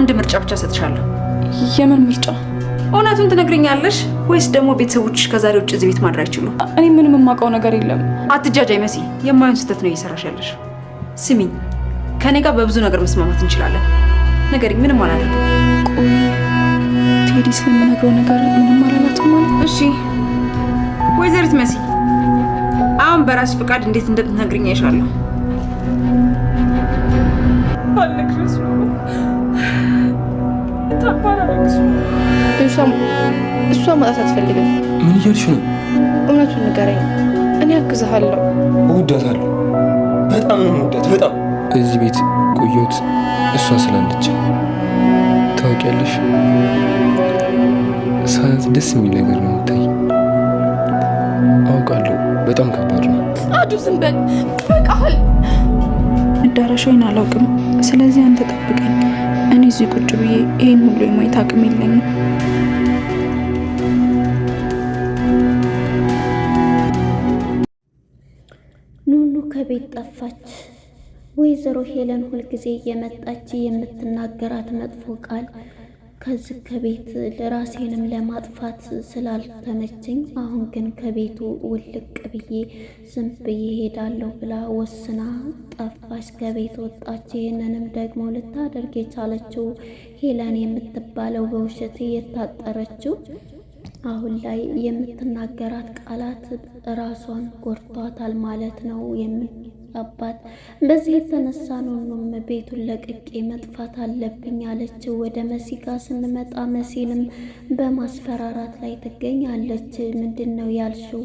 አንድ ምርጫ ብቻ ሰጥሻለሁ። የምን ምርጫ? እውነቱን ትነግሪኛለሽ ወይስ ደግሞ ቤተሰቦችሽ ከዛሬ ውጭ እዚህ ቤት ማድረግ አይችሉም? እኔ ምንም የማውቀው ነገር የለም። አትጃጃይ መሲ፣ የማይሆን ስህተት ነው እየሰራሽ ያለሽ። ስሚኝ፣ ከእኔ ጋር በብዙ ነገር መስማማት እንችላለን። ነገር ምንም አላደርግም። ቆይ ቴዲ ስለምነግረው ነገር ምንም አላላት ማለት? እሺ ወይዘሪት መሲ አሁን በራስ ፍቃድ እንዴት እንደምትነግሪኝ አይሻለሁ። እሷ መጣት አትፈልግም። ምን እያልሽ ነው? እውነቱን ንገረኝ፣ እኔ አግዝሃለሁ። እወዳታለሁ፣ በጣም ነው የምወዳት፣ በጣም እዚህ ቤት ቆየሁት እሷ ስላለች። ታውቂያለሽ፣ ሳያት ደስ የሚል ነገር ነው የምታይ። አውቃለሁ፣ በጣም ከባድ ነው። አዱ ዝም በል በቃ። መዳረሻዬን አላውቅም፣ ስለዚህ አንተ ጠብቀኝ። እዚህ ቁጭ ብዬ ይህን ሁሉ የማየት አቅም የለኝም። ኑኑ ከቤት ጠፋች። ወይዘሮ ሄለን ሁልጊዜ እየመጣች የምትናገራት መጥፎ ቃል ከዚህ ከቤት ራሴንም ለማጥፋት ስላልተመቸኝ አሁን ግን ከቤቱ ውልቅ ብዬ ዝም ብዬ ሄዳለሁ ብላ ወስና ጠፋች፣ ከቤት ወጣች። ይህንንም ደግሞ ልታደርግ የቻለችው ሄለን የምትባለው በውሸት የታጠረችው አሁን ላይ የምትናገራት ቃላት ራሷን ጎድቷታል ማለት ነው። አባት። በዚህ የተነሳ ኑኑም ቤቱን ለቅቄ መጥፋት አለብኝ አለች። ወደ መሲ ጋር ስንመጣ መሲንም በማስፈራራት ላይ ትገኛለች። ምንድን ነው ያልሽው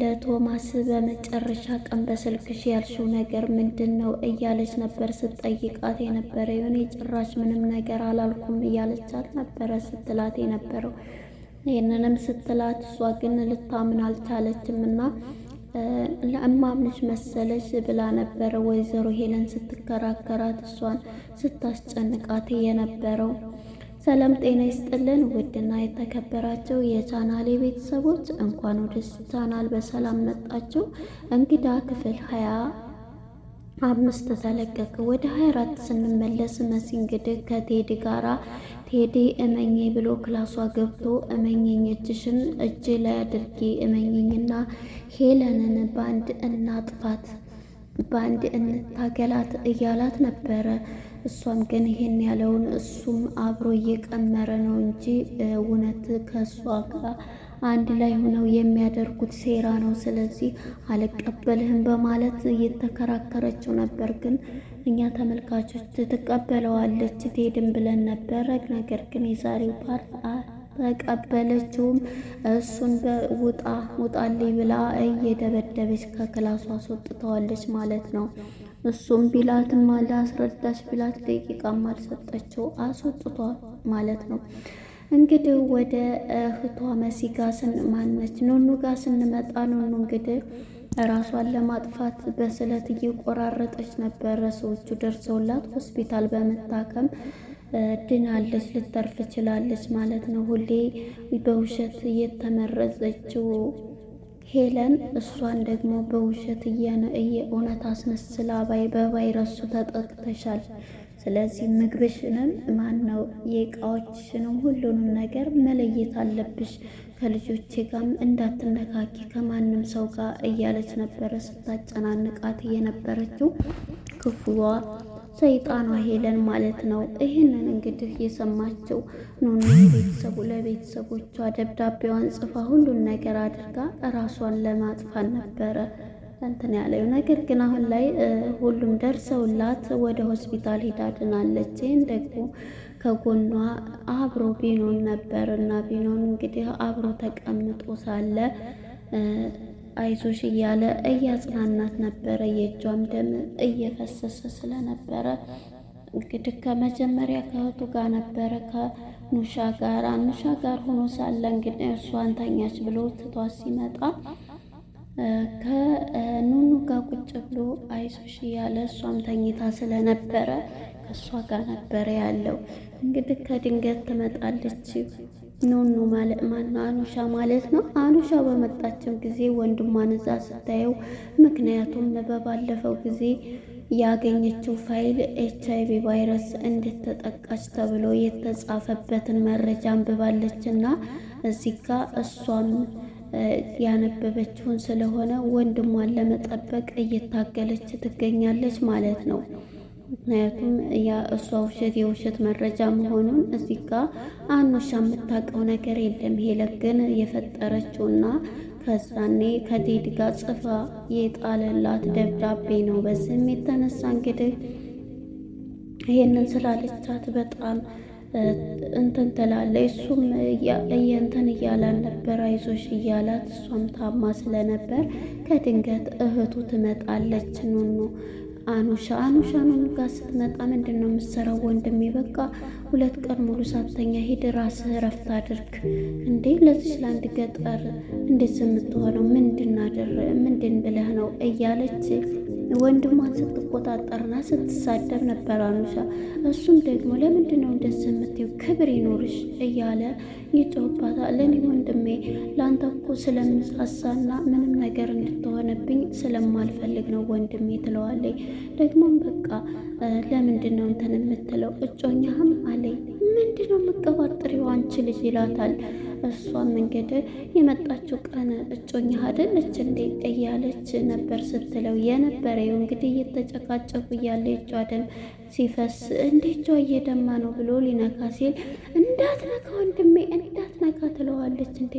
ለቶማስ በመጨረሻ ቀን በስልክሽ ያልሽው ነገር ምንድን ነው እያለች ነበር ስትጠይቃት የነበረ። የሆነ የጭራሽ ምንም ነገር አላልኩም እያለቻት ነበረ ስትላት የነበረው። ይህንንም ስትላት እሷ ግን ልታምን አልቻለችም እና ለእማምነች መሰለች ብላ ነበረ ወይዘሮ ሄለን ስትከራከራት እሷን ስታስጨንቃት የነበረው። ሰላም ጤና ይስጥልን ውድና የተከበራቸው የቻናሌ ቤተሰቦች እንኳን ወደ ቻናል በሰላም መጣችሁ። እንግዳ ክፍል ሀያ አምስት ተለቀቀ። ወደ ሀያ አራት ስንመለስ መሲ እንግዲህ ጋራ ቴዲ እመኝ ብሎ ክላሷ ገብቶ እመኘኝ እጅ ላይ አድርጌ እመኘኝና ሄለንን በአንድ እናጥፋት ባንድ እንታገላት እያላት ነበረ። እሷም ግን ይሄን ያለውን እሱም አብሮ እየቀመረ ነው እንጂ እውነት ከእሷ ጋር አንድ ላይ ሆነው የሚያደርጉት ሴራ ነው። ስለዚህ አልቀበልህም በማለት እየተከራከረችው ነበር። ግን እኛ ተመልካቾች ትቀበለዋለች ትሄድም ብለን ነበረ። ነገር ግን የዛሬው ፓርት ተቀበለችውም። እሱን በውጣ ውጣልኝ ብላ እየደበደበች ከክላሷ አስወጥተዋለች ማለት ነው። እሱም ቢላትም አስረዳሽ ቢላት ደቂቃም አልሰጠችው አስወጥቷል ማለት ነው። እንግዲህ ወደ እህቷ መሲ ጋር ማነች ኑኑ ጋር ስንመጣ ኑኑ እንግዲህ ራሷን ለማጥፋት በስለት እየቆራረጠች ነበረ። ሰዎቹ ደርሰውላት ሆስፒታል በመታከም ድናለች፣ ልተርፍ ችላለች ማለት ነው። ሁሌ በውሸት እየተመረዘችው ሄለን እሷን ደግሞ በውሸት እውነት አስመስላ ባይ በቫይረሱ ተጠቅተሻል ስለዚህ ምግብሽንም ማን ነው የእቃዎችንም ሁሉንም ነገር መለየት አለብሽ፣ ከልጆቼ ጋርም እንዳትነካኪ ከማንም ሰው ጋር እያለች ነበረ ስታጨናንቃት የነበረችው ክፉዋ ሰይጣኗ ሄለን ማለት ነው። ይህንን እንግዲህ የሰማችው ኑኑ ቤተሰቡ ለቤተሰቦቿ ደብዳቤዋን ጽፋ ሁሉን ነገር አድርጋ እራሷን ለማጥፋት ነበረ እንትን ያለው ነገር ግን አሁን ላይ ሁሉም ደርሰውላት ወደ ሆስፒታል ሂዳ ድናለች። ይህን ደግሞ ከጎኗ አብሮ ቢኖን ነበር እና ቢኖን እንግዲህ አብሮ ተቀምጦ ሳለ አይዞሽ እያለ እያጽናናት ነበረ። የእጇም ደም እየፈሰሰ ስለነበረ እንግዲህ ከመጀመሪያ ከእህቱ ጋር ነበረ ከኑሻ ጋር ኑሻ ጋር ሆኖ ሳለ እንግዲህ እሷን ተኛች ብሎ ትቷ ሲመጣ ከኑኑ ጋር ቁጭ ብሎ አይሶሽ እያለ እሷም ተኝታ ስለነበረ ከእሷ ጋር ነበረ ያለው። እንግዲህ ከድንገት ትመጣለች ኑኑ ማለት ማነው አኑሻ ማለት ነው። አኑሻ በመጣችም ጊዜ ወንድሟን እዛ ስታየው፣ ምክንያቱም በባለፈው ጊዜ ያገኘችው ፋይል ኤች አይ ቪ ቫይረስ እንድትጠቃች ተብሎ የተጻፈበትን መረጃ አንብባለች እና እዚህ ጋር እሷም ያነበበችውን ስለሆነ ወንድሟን ለመጠበቅ እየታገለች ትገኛለች ማለት ነው። ምክንያቱም ያ እሷ ውሸት የውሸት መረጃ መሆኑን እዚህ ጋር አኑሻ የምታውቀው ነገር የለም። ሄለን ግን የፈጠረችውና ከዛኔ ከቴዲ ጋር ጽፋ የጣለላት ደብዳቤ ነው። በዚህም የተነሳ እንግዲህ ይህንን ስላለቻት በጣም እንትን ትላለች። እሱም እንትን እያላን ነበር አይዞሽ እያላት፣ እሷም ታማ ስለነበር ከድንገት እህቱ ትመጣለች። ኑኑ አኑሻ አኑሻ ኑኑ ጋር ስትመጣ ምንድን ነው የምትሰራው? ወንድሜ በቃ ሁለት ቀን ሙሉ ሳተኛ ሂድ፣ ራስህ እረፍት አድርግ። እንዴ ለዚች ለአንድ ገጠር እንዴት የምትሆነው ምንድን ብለህ ነው እያለች ወንድሟን ስትቆጣጠርና ስትሳደብ ነበር አኑሻ። እሱም ደግሞ ለምንድን ነው እንደዚህ የምትይው? ክብር ይኖርሽ እያለ ይጮህባታል። ለእኔ ወንድሜ ለአንተ እኮ ስለምሳሳና ምንም ነገር እንድትሆነብኝ ስለማልፈልግ ነው ወንድሜ ትለዋለች። ደግሞም በቃ ለምንድን ነው እንትን የምትለው? እጮኛህም አለኝ ምንድን ነው የምቀባጥሪው አንቺ ልጅ ይላታል። እሷም እንግዲህ የመጣችው ቀን እጮኛ አይደለች እንዴ እያለች ነበር ስትለው የነበረው እንግዲህ እየተጨቃጨቁ እያለ እጇ ደም ሲፈስ እንዴ እጇ እየደማ ነው ብሎ ሊነካ ሲል እንዳትነካ ወንድሜ እንዳትነካ ትለዋለች። እንዴ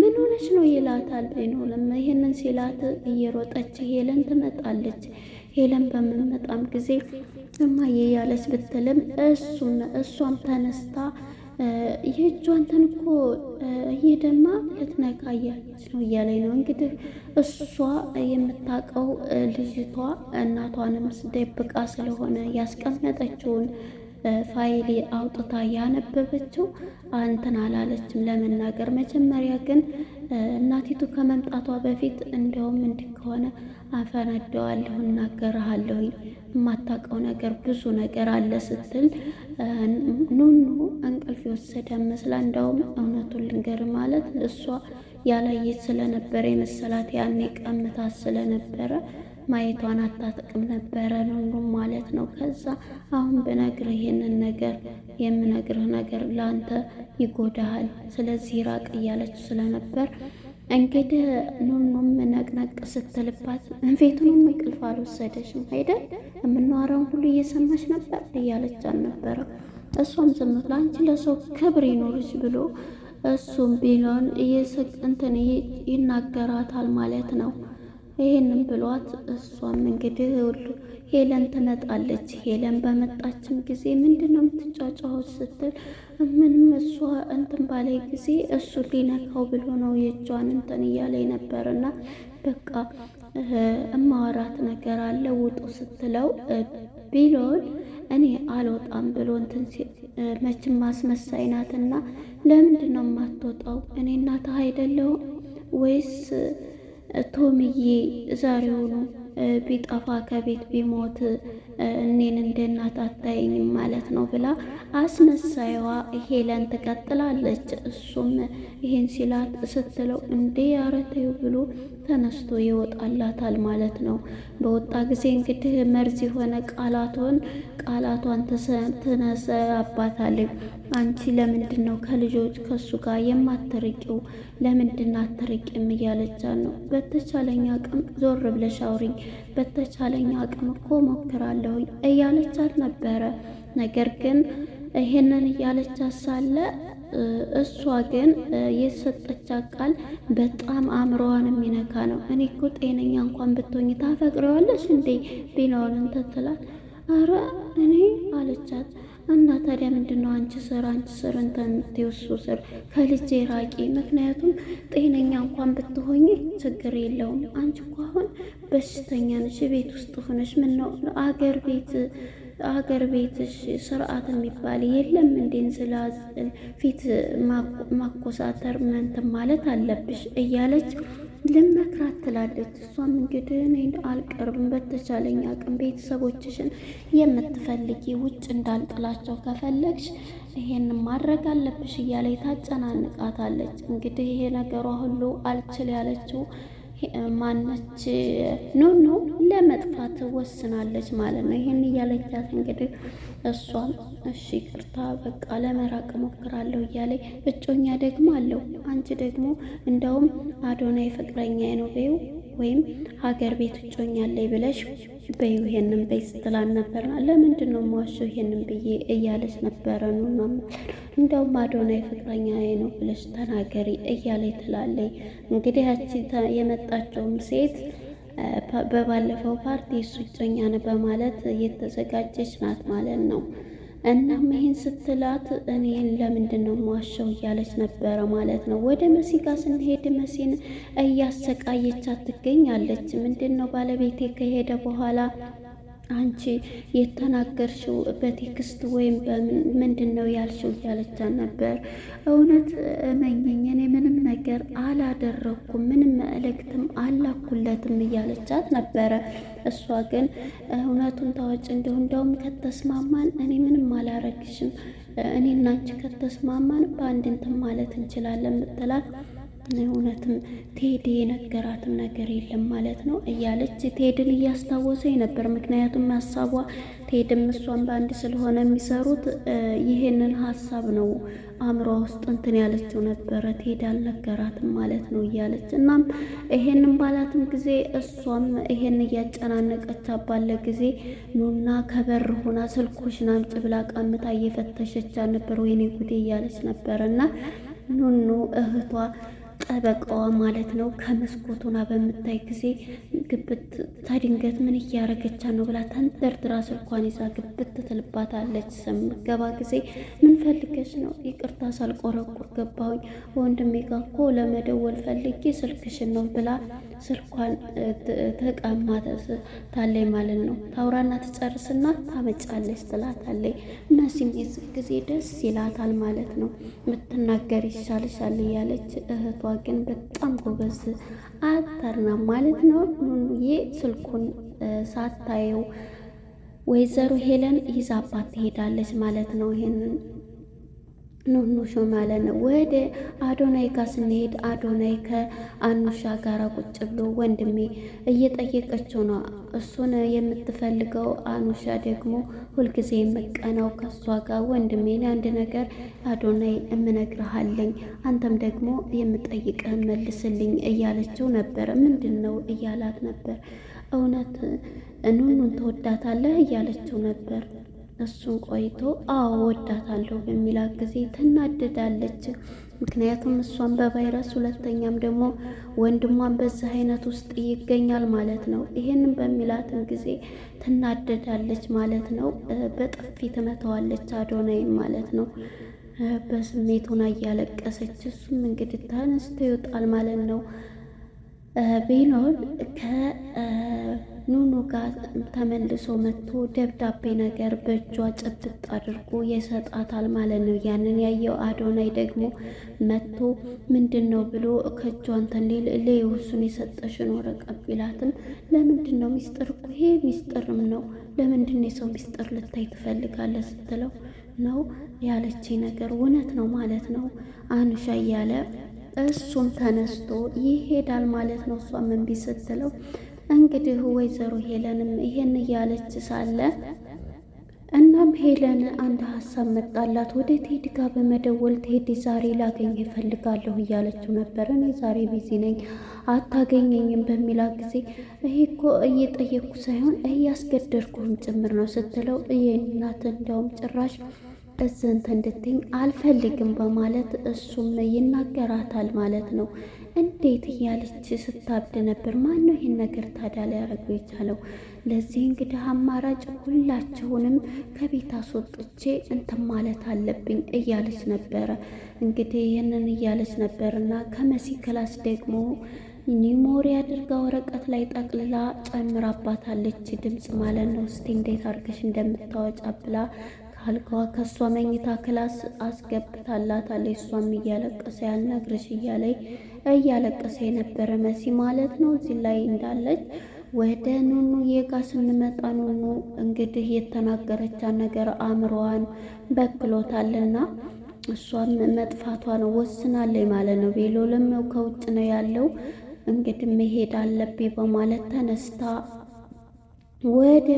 ምን ሆነች ነው ይላታል። ቢኖልም ይህንን ሲላት እየሮጠች ሄለን ትመጣለች። ሄለን በምንመጣም ጊዜ እማዬ ያለች ብትልም እሱን እሷም ተነስታ የእጇን ተንኮ እየደማ ልትነካ እያለች ነው እያለኝ ነው እንግዲህ እሷ የምታውቀው ልጅቷ እናቷንም ደብቃ ስለሆነ ያስቀመጠችውን ፋይሌ አውጥታ ያነበበችው አንተን አላለችም ለመናገር መጀመሪያ ግን እናቲቱ ከመምጣቷ በፊት እንደውም እንዲህ ከሆነ አፈነደዋለሁ፣ እናገርሃለሁኝ የማታውቀው ነገር ብዙ ነገር አለ ስትል ኑኑ እንቅልፍ የወሰደ መስላ እንዳውም እውነቱን ልንገር ማለት እሷ ያላየች ስለነበረ የመሰላት ያኔ ቀምታት ስለነበረ ማየቷን አታጥቅም ነበረ ኑኑ ማለት ነው። ከዛ አሁን ብነግርህ ይህንን ነገር የምነግርህ ነገር ለአንተ ይጎዳሃል፣ ስለዚህ ራቅ እያለች ስለነበር እንግዲህ ኑኑም ነቅነቅ ስትልባት እንፌቱንም እንቅልፍ አልወሰደሽም አይደል? የምናወራውን ሁሉ እየሰማሽ ነበር እያለች አልነበረ። እሷም ዝም ብላ አንቺ ለሰው ክብር ይኖርሽ ብሎ እሱም ቢሆን እንትን ይናገራታል ማለት ነው። ይህንም ብሏት እሷም እንግዲህ ሁሉ ሄለን ትመጣለች። ሄለን በመጣችም ጊዜ ምንድን ነው የምትጫጫሁት ስትል ምንም እሷ እንትን ባለ ጊዜ እሱ ሊነካው ብሎ ነው የእጇን እንትን እያለ ነበርና በቃ እማወራት ነገር አለ ውጡ ስትለው ቢሎን እኔ አልወጣም ብሎ እንትን መችን ማስመሳይ ናትና ለምንድን ነው የማትወጣው? እኔ እናትህ አይደለሁም ወይስ ቶምዬ ዛሬውኑ ቢጠፋ ከቤት ቢሞት እኔን እንደ እናት አታየኝም ማለት ነው ብላ አስመሳይዋ ሄለን ትቀጥላለች። እሱም ይህን ሲላት ስትለው እንዴ ያረተዩ ብሎ ተነስቶ ይወጣላታል ማለት ነው። በወጣ ጊዜ እንግዲህ መርዝ የሆነ ቃላቷን ቃላቷን ትነሳባታለች። አንቺ ለምንድን ነው ከልጆች ከሱ ጋር የማትርቂው? ለምንድን አትርቂም? እያለቻ ነው። በተቻለኛ አቅም ዞር ብለሽ አውሪኝ፣ በተቻለኝ አቅም እኮ ሞክራለሁኝ እያለቻት ነበረ። ነገር ግን ይሄንን እያለቻት ሳለ እሷ ግን የሰጠቻት ቃል በጣም አእምሮዋን የሚነካ ነው። እኔ እኮ ጤነኛ እንኳን ብትሆኝ ታፈቅረዋለሽ እንዴ ቢናውንን ተትላት። አረ እኔ አለቻት። እና ታዲያ ምንድን አንቺ ስር አንቺ ስር እንተንትውሱ ስር ከልጄ ራቂ። ምክንያቱም ጤነኛ እንኳን ብትሆኝ ችግር የለውም። አንቺ እኮ አሁን በሽተኛ ነሽ። ቤት ውስጥ ሆነሽ ምን ነው አገር ቤት ሀገር ቤትሽ ስርዓት የሚባል የለም። እንዴን ስላዝል ፊት ማኮሳተር መንትን ማለት አለብሽ እያለች ልመክራት ትላለች። እሷም እንግዲህ እኔ አልቀርብም፣ በተቻለኝ አቅም ቤተሰቦችሽን የምትፈልጊ ውጭ እንዳልጥላቸው ከፈለግሽ ይሄን ማድረግ አለብሽ እያለች ታጨናንቃታለች። እንግዲህ ይሄ ነገሯ ሁሉ አልችል ያለችው ማነች ኑኑ ለመጥፋት ወስናለች ማለት ነው። ይህን እያለቻት እንግዲህ እሷም እሺ ቅርታ በቃ ለመራቅ ሞክራለሁ እያለ እጮኛ ደግሞ አለው። አንቺ ደግሞ እንደውም አዶናይ ፍቅረኛ ነው ቤው ወይም ሀገር ቤት እጮኛለሁ ብለሽ በይው ይሄንን በይ ስትላን ነበር። ለምንድን ነው የማዋሸው ይሄንን ብዬ እያለች ነበረ። ነው ማለት እንደውም አዶናይ ፍቅረኛዬ ነው ብለሽ ተናገሪ እያለች ትላለች። እንግዲህ ያቺ የመጣችውም ሴት በባለፈው ፓርቲ እሱ እጮኛ ነው በማለት እየተዘጋጀች ናት ማለት ነው። እናም ይህን ስትላት እኔን ለምንድን ነው እያለች ነበረ ማለት ነው። ወደ መሲ ጋር ስንሄድ መሲን እያሰቃየቻት ትገኛለች። ምንድን ነው ባለቤቴ ከሄደ በኋላ አንቺ የተናገርሽው በቴክስት ወይም ምንድን ነው ያልሽው? እያለቻ ነበር። እውነት እመኝኝ፣ እኔ ምንም ነገር አላደረግኩም፣ ምንም መልእክትም አላኩለትም እያለቻት ነበረ። እሷ ግን እውነቱን ታዋጭ እንዲሁ እንደውም ከተስማማን እኔ ምንም አላረግሽም፣ እኔ እናንቺ ከተስማማን በአንድ እንትን ማለት እንችላለን ምትላት እውነትም ቴዲ የነገራትም ነገር የለም ማለት ነው እያለች ቴድን እያስታወሰኝ ነበር። ምክንያቱም ሀሳቧ ቴድም እሷን በአንድ ስለሆነ የሚሰሩት ይህንን ሀሳብ ነው አእምሯ ውስጥ እንትን ያለችው ነበረ። ቴድ አልነገራትም ማለት ነው እያለች እናም ይሄንን ባላትም ጊዜ እሷም ይሄን እያጨናነቀች ባለ ጊዜ ኑና ከበር ሆና ስልኮሽን አምጪ ብላ ቀምታ እየፈተሸቻ ነበር። ወይኔ ጉዴ እያለች ነበረ እና ኑኑ እህቷ ጠበቃዋ ማለት ነው ከመስኮቱና በምታይ ጊዜ ግብት ታድንገት ምን እያረገቻ ነው ብላ ተንደርድራ ስልኳን ይዛ ግብት ትልባታለች። ስምገባ ጊዜ ምን ነው? ይቅርታ ሳልቆረቁር ገባሁኝ ወንድሜ ጋ እኮ ለመደወል ፈልጌ ስልክሽን ነው ብላ ስልኳን ተቀማ ታለይ ማለት ነው። ታውራና ትጨርስና ታመጫለች ትላታለይ። እነዚህም የዚህ ጊዜ ደስ ይላታል ማለት ነው። ብትናገር ይሻልሻል እያለች እህቷ ግን በጣም ጎበዝ አታርና ማለት ነው። ኑኑዬ ስልኩን ሳታየው ወይዘሮ ሄለን ይዛባት ትሄዳለች ማለት ነው ይህንን ኑኑሾ ማለት ነው። ወደ አዶናይ ጋ ስንሄድ አዶናይ ከአኑሻ ጋር ቁጭ ብሎ ወንድሜ እየጠየቀችው ነው። እሱን የምትፈልገው አኑሻ ደግሞ ሁልጊዜ የምቀናው ከእሷ ጋር ወንድሜ፣ አንድ ነገር አዶናይ እምነግርሃለኝ አንተም ደግሞ የምጠይቀ መልስልኝ እያለችው ነበር። ምንድን ነው እያላት ነበር። እውነት ኑኑን ትወዳታለህ እያለችው ነበር። እሱ ቆይቶ አዎ ወዳታለሁ በሚላት ጊዜ ትናደዳለች። ምክንያቱም እሷን በቫይረስ ሁለተኛም ደግሞ ወንድሟን በዚህ አይነት ውስጥ ይገኛል ማለት ነው። ይሄንን በሚላትም ጊዜ ትናደዳለች ማለት ነው። በጥፊ ትመታዋለች አዶናይ ማለት ነው። በስሜት ሆና እያለቀሰች እሱም እንግዲህ ተነስቶ ይወጣል ማለት ነው። ቢኖር ከ ኑኑ ጋር ተመልሶ መጥቶ ደብዳቤ ነገር በእጇ ጭብጥ አድርጎ የሰጣታል ማለት ነው። ያንን ያየው አዶናይ ደግሞ መጥቶ ምንድን ነው ብሎ ከእጇ እንትን ሊል ለየውሱን የሰጠሽን ወረቀት ቢላትም ለምንድን ነው ሚስጥር እኮ ይሄ ሚስጥርም ነው ለምንድን የሰው ሚስጥር ልታይ ትፈልጋለህ? ስትለው ነው ያለች ነገር እውነት ነው ማለት ነው አንሻ እያለ እሱም ተነስቶ ይሄዳል ማለት ነው። እሷ ምንቢ ስትለው እንግዲህ ወይዘሮ ሄለንም ይሄን እያለች ሳለ እናም ሄለን አንድ ሀሳብ መጣላት። ወደ ቴዲ ጋር በመደወል ቴዲ ዛሬ ላገኝ እፈልጋለሁ እያለችው ነበር። እኔ ዛሬ ቢዚ ነኝ አታገኘኝም በሚላ ጊዜ ይሄ እኮ እየጠየቅኩ ሳይሆን እያስገደድኩህም ጭምር ነው ስትለው እየናት እንዲያውም ጭራሽ እዝንት እንድትኝ አልፈልግም በማለት እሱም ይናገራታል ማለት ነው። እንዴት እያለች ስታብድ ነበር። ማን ነው ይህን ነገር ታዲያ ሊያደርገው የቻለው? ለዚህ እንግዲህ አማራጭ ሁላችሁንም ከቤት አስወጥቼ እንትን ማለት አለብኝ እያለች ነበረ። እንግዲህ ይህንን እያለች ነበር እና ከመሲ ክላስ ደግሞ ኒሞሪ አድርጋ ወረቀት ላይ ጠቅልላ ጨምራባታለች፣ ድምፅ ማለት ነው። እስቲ እንዴት አድርገሽ እንደምታወጫ ብላ ከአልጋዋ ከእሷ መኝታ ክላስ አስገብታላታለች። እሷም እያለቀሰ ያልነግርሽ እያለኝ እያለቀሰ የነበረ መሲ ማለት ነው እዚህ ላይ እንዳለች ወደ ኑኑ የጋ ስንመጣ ኑኑ እንግዲህ የተናገረቻት ነገር አእምሮዋን በክሎታልና እሷም መጥፋቷ ነው ወስናለች ማለት ነው። ቤሎልም ከውጭ ነው ያለው እንግዲህ መሄድ አለብኝ በማለት ተነስታ ወደ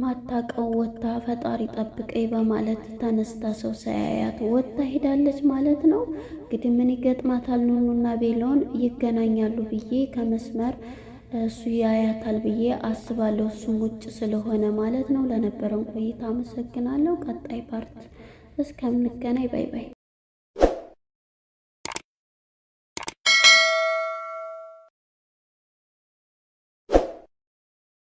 ማታቀው ወታ ፈጣሪ ጠብቀኝ በማለት ተነስታ ሰው ሳያያት ወታ ሄዳለች ማለት ነው። እንግዲህ ምን ይገጥማታል? ኑኑና ቤሎን ይገናኛሉ ብዬ ከመስመር እሱ ያያታል ብዬ አስባለሁ። እሱም ውጭ ስለሆነ ማለት ነው። ለነበረን ቆይታ አመሰግናለሁ። ቀጣይ ፓርት እስከምንገናኝ ባይ ባይ።